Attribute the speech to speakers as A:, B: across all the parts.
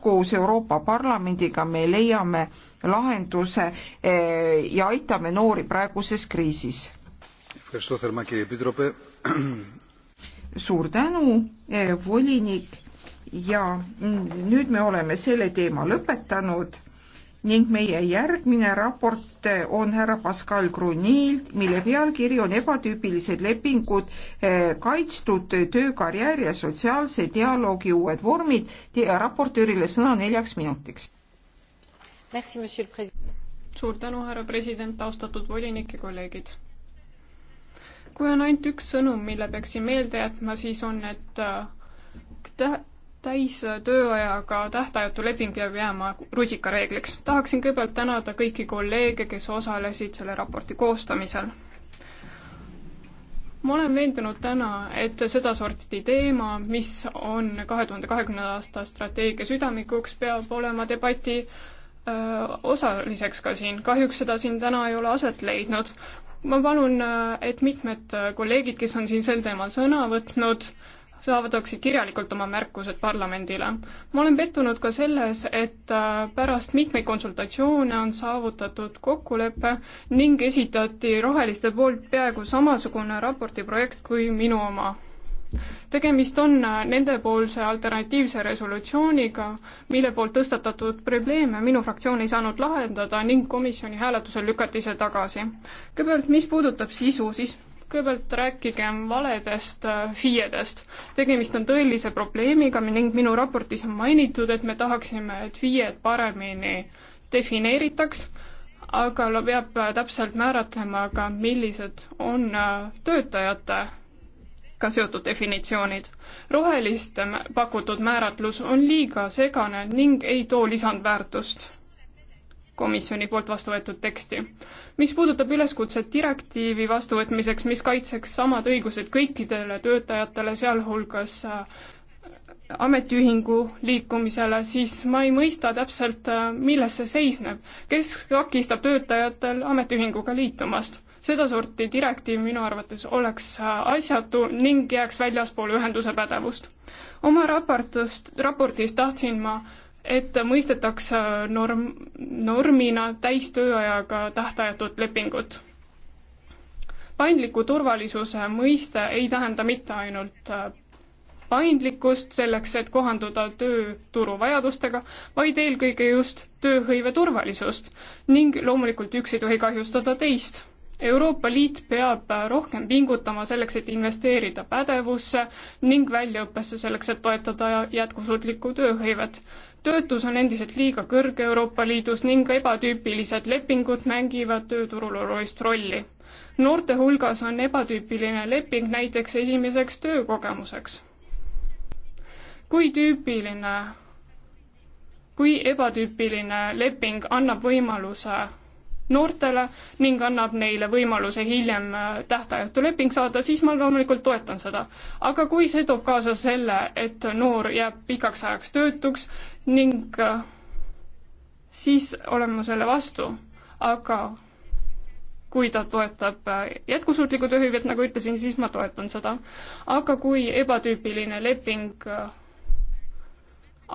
A: koos Euroopa Parlamendiga me leiame lahenduse eh, ja aitame noori praeguses kriisis. suur tänu, eh, volinik ja nüüd me oleme selle teema lõpetanud ning meie järgmine raport on härra Pascal Grunilt, mille pealkiri on ebatüüpilised lepingud, eh, kaitstud töökarjäär ja sotsiaalse dialoogi uued vormid. raportöörile sõna neljaks minutiks.
B: suur tänu, härra president, austatud volinik ja kolleegid. kui on ainult üks sõnum, mille peaksin meelde jätma, siis on, et eh, täistööajaga tähtajatu leping peab jääma rusikareegliks. tahaksin kõigepealt tänada kõiki kolleege, kes osalesid selle raporti koostamisel. ma olen veendunud täna, et sedasorti teema, mis on kahe tuhande kahekümnenda aasta strateegia südamikuks, peab olema debati öö, osaliseks ka siin. kahjuks seda siin täna ei ole aset leidnud. ma palun, et mitmed kolleegid, kes on siin sel teemal sõna võtnud, saavadaksid kirjalikult oma märkused parlamendile. ma olen pettunud ka selles, et äh, pärast mitmeid konsultatsioone on saavutatud kokkulepe ning esitati roheliste poolt peaaegu samasugune raporti projekt kui minu oma. tegemist on äh, nendepoolse alternatiivse resolutsiooniga, mille poolt tõstatatud probleeme minu fraktsioon ei saanud lahendada ning komisjoni hääletusel lükati see tagasi. kõigepealt, mis puudutab sisu, siis kõigepealt rääkigem valedest äh, FIE-dest. tegemist on tõelise probleemiga ning minu raportis on mainitud, et me tahaksime, et FIE-d paremini defineeritaks, aga peab äh, täpselt määratlema ka, millised on äh, töötajatega seotud definitsioonid. roheliste pakutud määratlus on liiga segane ning ei too lisandväärtust komisjoni poolt vastu võetud teksti. mis puudutab üleskutset direktiivi vastuvõtmiseks, mis kaitseks samad õigused kõikidele töötajatele, sealhulgas äh, ametiühingu liikumisele, siis ma ei mõista täpselt, äh, milles see seisneb. kes takistab töötajatel ametiühinguga liitumast? sedasorti direktiiv minu arvates oleks äh, asjatu ning jääks väljaspool ühenduse pädevust. oma raportust, raportis tahtsin ma äh, et mõistetakse norm, normina täistööajaga tähtajatud lepingud. paindliku turvalisuse mõiste ei tähenda mitte ainult äh, paindlikkust selleks, et kohanduda tööturu vajadustega, vaid eelkõige just tööhõive turvalisust ning loomulikult üks ei tohi kahjustada teist Euroopa Liit peab rohkem pingutama selleks, et investeerida pädevusse ning väljaõppesse selleks, et toetada jätkusuutlikku tööhõivet. töötus on endiselt liiga kõrge Euroopa Liidus ning ebatüüpilised lepingud mängivad tööturul olulist rolli. noorte hulgas on ebatüüpiline leping näiteks esimeseks töökogemuseks. kui tüüpiline, kui ebatüüpiline leping annab võimaluse noortele ning annab neile võimaluse hiljem äh, tähtajatu leping saada, siis ma loomulikult toetan seda. aga kui see toob kaasa selle, et noor jääb pikaks ajaks töötuks ning äh, siis olen ma selle vastu, aga kui ta toetab äh, jätkusuutlikku tööhüvet, nagu ütlesin, siis ma toetan seda. aga kui ebatüüpiline leping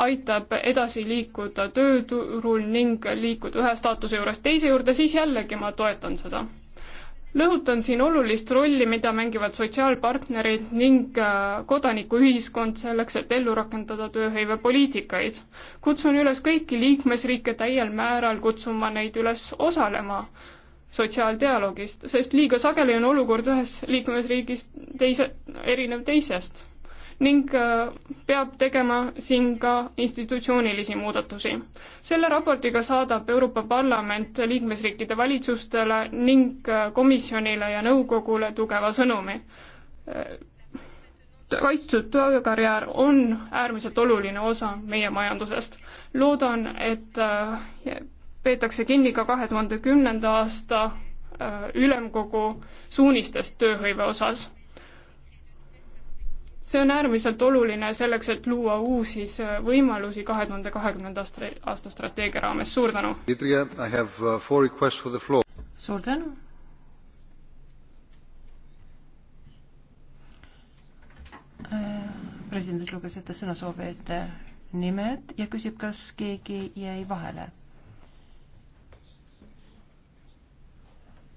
B: aitab edasi liikuda tööturul ning liikuda ühe staatuse juurest teise juurde, siis jällegi ma toetan seda. lõhutan siin olulist rolli, mida mängivad sotsiaalpartnerid ning äh, kodanikuühiskond selleks, et ellu rakendada tööhõivepoliitikaid. kutsun üles kõiki liikmesriike täiel määral kutsuma neid üles osalema sotsiaaldialoogist, sest liiga sageli on olukord ühes liikmesriigis teise, erinev teisest ning äh, peab tegema siin ka institutsioonilisi muudatusi. selle raportiga saadab Euroopa Parlament liikmesriikide valitsustele ning äh, komisjonile ja nõukogule tugeva sõnumi. Äh, kaitstud töökarjäär on äärmiselt oluline osa meie majandusest. loodan, et peetakse kinni ka kahe tuhande kümnenda aasta ülemkogu suunistest tööhõive osas see on äärmiselt oluline selleks, et luua uusi äh, võimalusi kahe tuhande kahekümnenda aasta strateegia raames, suur tänu! Uh, suur tänu!
A: Äh, president luges ette sõnasoovijate nimed ja küsib, kas keegi jäi vahele.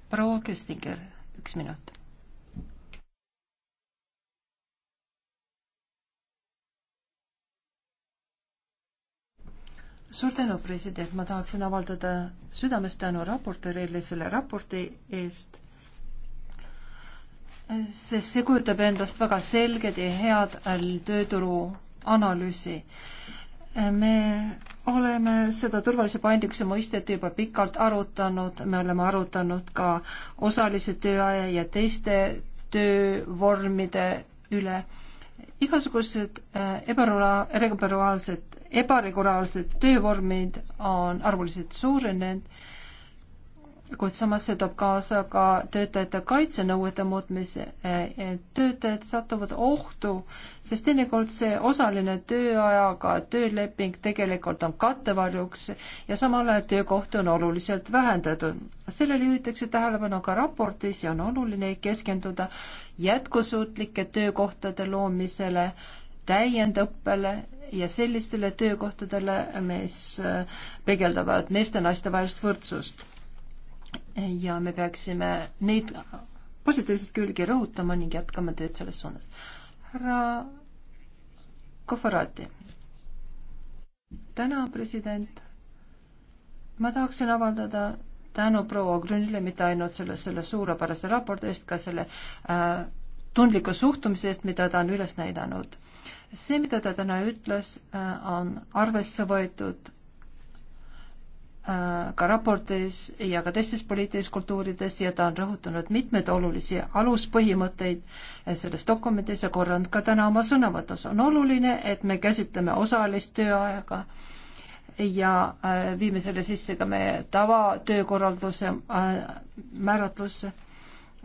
A: proua Köstinger, üks minut suur tänu, president, ma tahaksin avaldada südamest tänu raportöörile selle raporti eest, sest see kujutab endast väga selged ja head tööturu analüüsi. me oleme seda turvalise paindlikkuse mõistet juba pikalt arutanud, me oleme arutanud ka osalise tööaja ja teiste töövormide üle igasugused ebaregulaarset ebaregulaarsed töövormid on arvuliselt suurenenud, kuid samas see toob kaasa ka töötajate kaitsenõuete muutmise, et töötajad satuvad ohtu, sest teinekord see osaline tööajaga tööleping tegelikult on kattevarjuks ja samal ajal töökohti on oluliselt vähendatud. sellele juhitakse tähelepanu ka raportis ja on oluline keskenduda jätkusuutlike töökohtade loomisele täiendõppele ja sellistele töökohtadele, mis äh, peegeldavad meeste-naiste vahelist võrdsust. ja me peaksime neid positiivseid külgi rõhutama ning jätkama tööd selles suunas. härra Kofarati. täna, president, ma tahaksin avaldada tänu proua Grünile mitte ainult selle, selle suurepärase raporti eest, ka selle äh, tundliku suhtumise eest, mida ta on üles näidanud see, mida ta täna ütles, äh, on arvesse võetud äh, ka raportis ja ka teistes poliitilistes kultuurides ja ta on rõhutanud mitmeid olulisi aluspõhimõtteid äh, selles dokumendis ja korranud ka täna oma sõnavõtus. on oluline, et me käsitleme osalist tööaega ja viime selle sisse ka meie tavatöökorralduse määratlusse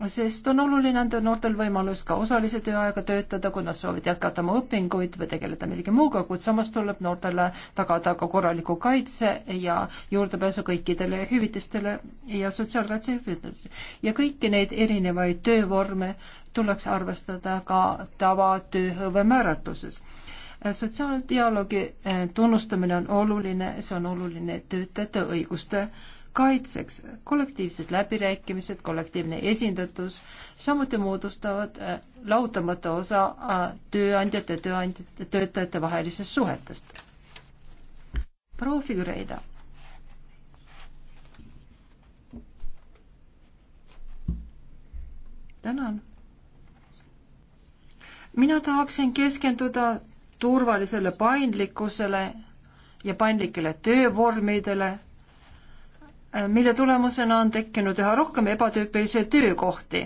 A: sest on oluline anda noortel võimalus ka osalise tööajaga töötada, kui nad soovivad jätkata oma õpinguid või tegeleda millegi muuga, kuid samas tuleb noortele tagada ka korraliku kaitse ja juurdepääsu kõikidele hüvitistele ja sotsiaalkaitse hüvitistele. ja kõiki neid erinevaid töövorme tuleks arvestada ka tavatööhõive määratluses. sotsiaaldialoogi eh, tunnustamine on oluline, see on oluline töötajate õiguste kaitseks. kollektiivsed läbirääkimised, kollektiivne esindatus samuti moodustavad äh, lahutamatu osa äh, tööandjate, tööandjate, töötajate vahelisest suhetest. proua Figureida tänan. mina tahaksin keskenduda turvalisele paindlikkusele ja paindlikele töövormidele Äh, mille tulemusena on tekkinud üha rohkem ebatüüpilisi töökohti.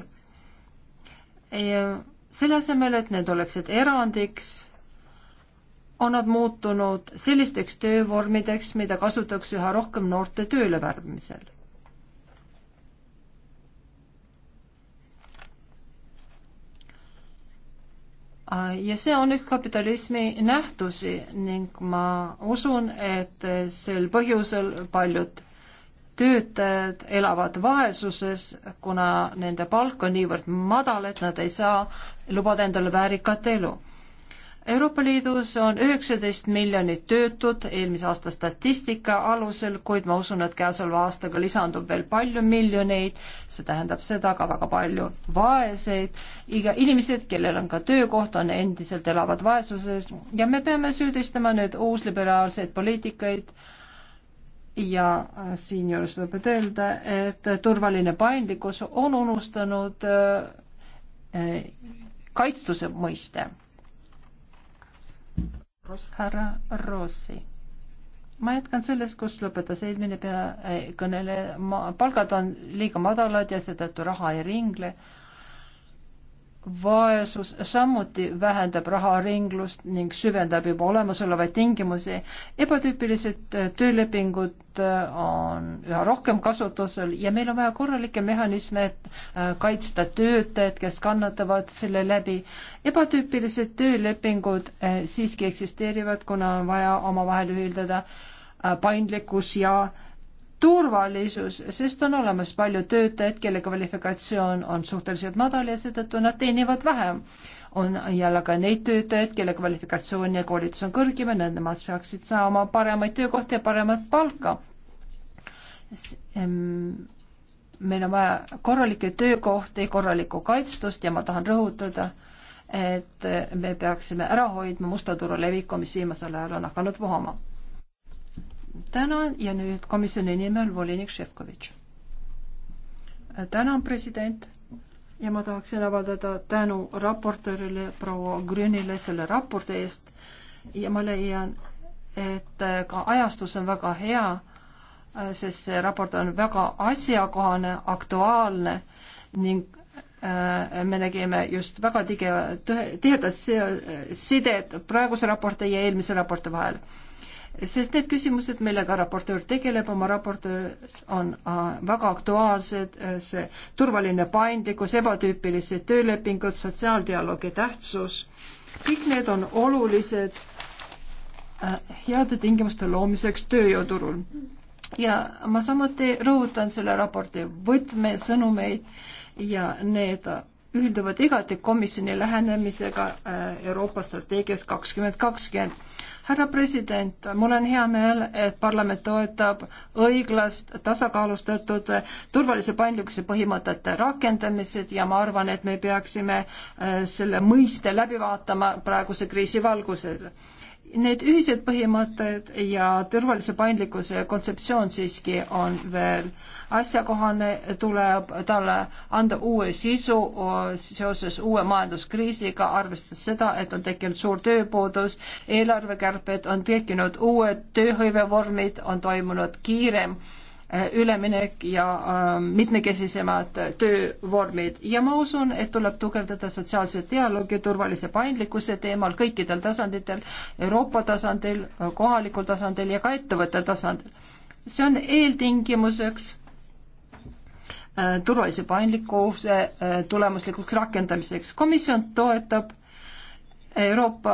A: selle asemel, et need oleksid erandiks, on nad muutunud sellisteks töövormideks, mida kasutatakse üha rohkem noorte tööle värbamisel. Äh, ja see on üks kapitalismi nähtusi ning ma usun, et sel põhjusel paljud töötajad elavad vaesuses, kuna nende palk on niivõrd madal, et nad ei saa lubada endale väärikat elu. Euroopa Liidus on üheksateist miljonit töötut eelmise aasta statistika alusel, kuid ma usun, et käesoleva aastaga lisandub veel palju miljoneid, see tähendab seda ka väga palju vaeseid, iga inimesed, kellel on ka töökoht, on endiselt elavad vaesuses ja me peame süüdistama nüüd uusliberaalseid poliitikaid, ja äh, siinjuures võib öelda, et äh, turvaline paindlikkus on unustanud äh, kaitstuse mõiste. härra Rossi ma jätkan sellest, kus lõpetas eelmine kõneleja, palgad on liiga madalad ja seetõttu raha ei ringle vaesus samuti vähendab raharinglust ning süvendab juba olemasolevaid tingimusi. ebatüüpilised töölepingud äh, on üha rohkem kasutusel ja meil on vaja korralikke mehhanisme, et äh, kaitsta töötajad, kes kannatavad selle läbi. ebatüüpilised töölepingud äh, siiski eksisteerivad, kuna on vaja omavahel ühildada paindlikkus ja äh, turvalisus, sest on olemas palju töötajaid, kelle kvalifikatsioon on suhteliselt madal ja seetõttu nad teenivad vähem. on jälle ka neid töötajaid, kelle kvalifikatsioon ja koolitus on kõrgem ja nemad peaksid saama paremaid töökohti ja paremat palka. meil on vaja korralikke töökohti, korralikku kaitstust ja ma tahan rõhutada, et me peaksime ära hoidma musta turu leviku, mis viimasel ajal on hakanud vohama tänan ja nüüd komisjoni nimel volinik Šefkovitš. tänan, president ja ma tahaksin avaldada tänu raportöörile proua Grünile selle raporti eest ja ma leian, et äh, ka ajastus on väga hea, äh, sest see raport on väga asjakohane, aktuaalne ning äh, me nägime just väga tige, tihedat sidet praeguse raporti ja eelmise raporti vahel sest need küsimused, millega raportöör tegeleb oma raportöös, on äh, väga aktuaalsed, äh, see turvaline paindlikkus, ebatüüpilised töölepingud, sotsiaaldialoogi tähtsus, kõik need on olulised äh, heade tingimuste loomiseks tööjõuturul. ja ma samuti rõhutan selle raporti võtmesõnumeid ja need ühilduvad igati komisjoni lähenemisega äh, Euroopa strateegias kakskümmend kakskümmend. härra president, mul on hea meel, et parlament toetab õiglast, tasakaalustatud turvalise paindlikkuse põhimõtete rakendamised ja ma arvan, et me peaksime äh, selle mõiste läbi vaatama praeguse kriisi valguses Need ühised põhimõtted ja turvalise paindlikkuse kontseptsioon siiski on veel asjakohane, tuleb talle anda uue sisu seoses uue majanduskriisiga, arvestades seda, et on tekkinud suur tööpuudus, eelarvekärped, on tekkinud uued tööhõivevormid, on toimunud kiirem äh, Äh, üleminek ja äh, mitmekesisemad töövormid ja ma usun, et tuleb tugevdada sotsiaalset dialoogi turvalise paindlikkuse teemal kõikidel tasanditel, Euroopa tasandil, kohalikul tasandil ja ka ettevõtte tasandil. see on eeltingimuseks äh, turvalise paindlikkuse tulemuslikuks rakendamiseks. komisjon toetab äh, Euroopa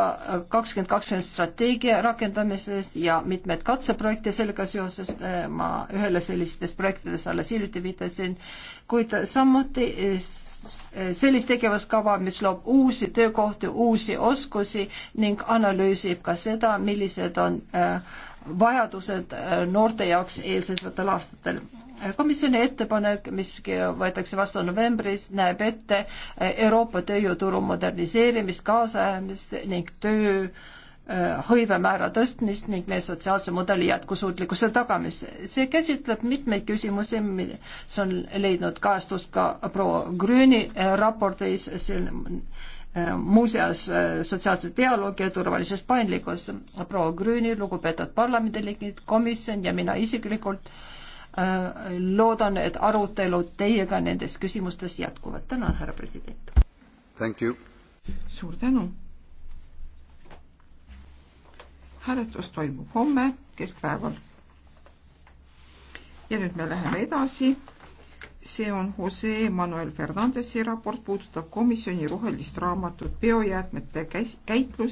A: kakskümmend kakskümmend strateegia rakendamisest ja mitmed katseprojekte sellega seoses, eh, ma ühele sellistest projektidest alles hiljuti viitasin, kuid samuti eh, sellist tegevuskava, mis loob uusi töökohti, uusi oskusi ning analüüsib ka seda, millised on eh, vajadused noorte jaoks eelseisvatel aastatel komisjoni ettepanek, mis võetakse vastu novembris, näeb ette eh, Euroopa tööjõuturu moderniseerimist, kaasajamist ning töö eh, hõivemäära tõstmist ning meie sotsiaalse mudeli jätkusuutlikkuse tagamist. see käsitleb mitmeid küsimusi, mis on leidnud kajastust ka proua Grüni eh, raportis, muuseas sotsiaalse dialoogi ja turvalises paindlikkus. proua Grüni, lugupeetud parlamendiliikmed, komisjon ja mina isiklikult äh, Äh, loodan, et arutelud teiega nendes küsimustes jätkuvad. tänan, härra president. suur tänu. hääletus toimub homme keskpäeval.
B: ja nüüd me läheme edasi. see on Jose Manuel Fernandesi raport, puudutab komisjoni rohelist raamatut biojäätmete
A: käitlus ja